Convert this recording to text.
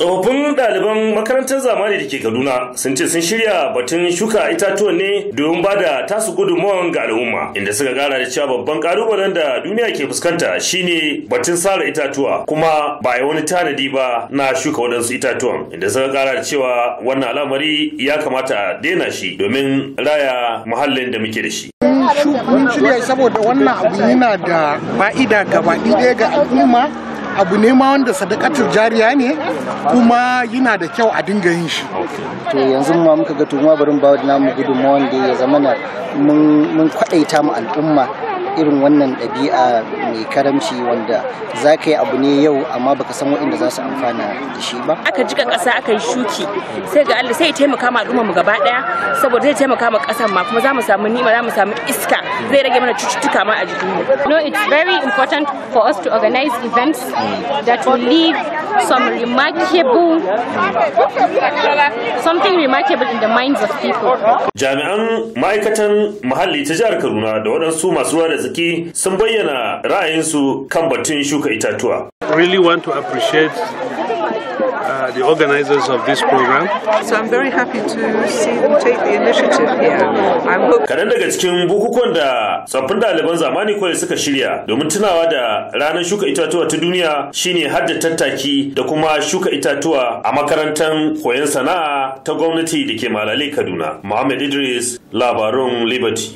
tsofaffin ɗaliban makarantar zamani da ke kaduna sun ce sun shirya batun shuka itatuwa ne domin ba da tasu gudunmawan ga al'umma inda suka kara da cewa babban ƙalubalen da duniya ke fuskanta shine batun sare itatuwa kuma ba ya wani tanadi ba na shuka waɗansu itatuwan inda suka kara da cewa wannan al'amari ya kamata a daina shi domin raya muhallin da muke da shi mun shirya saboda wannan abu yana da fa'ida gaba ɗaya ga al'umma abu ne ma wanda sadakatar jariya ne kuma yana da kyau a dinga yin shi to yanzu ma muka ga tuma barin bawa namu gudunmawa wanda ya zama mun kwaɗaita mu al'umma irin wannan ɗabi'a mai karamci wanda za ka yi abu ne yau amma baka san waɗanda za su amfana da shi ba aka jika ƙasa aka yi shuki sai ga Allah sai ya taimaka ma al'umma mu gaba ɗaya saboda zai taimaka ma ƙasar ma kuma za mu samu nima za mu samu iska zai rage mana cututtuka ma a jikinmu no it's very important for us to organize events that will leave some remarkable something remarkable in the minds of people jami'an ma'aikatan muhalli ta jihar Kaduna da waɗansu masu ruwa da arziki sun bayyana ra'ayinsu kan batun shuka itatuwa. Really want to appreciate uh, the organizers of this program. So I'm very happy to see them take the initiative here. I'm Kadan daga cikin bukukuwan da tsoffin ɗaliban zamani kawai suka shirya domin tunawa da ranar shuka itatuwa ta duniya shine hadda tattaki da kuma shuka itatuwa a makarantar koyon sana'a ta gwamnati da ke Malale Kaduna. Muhammad Idris labarun Liberty.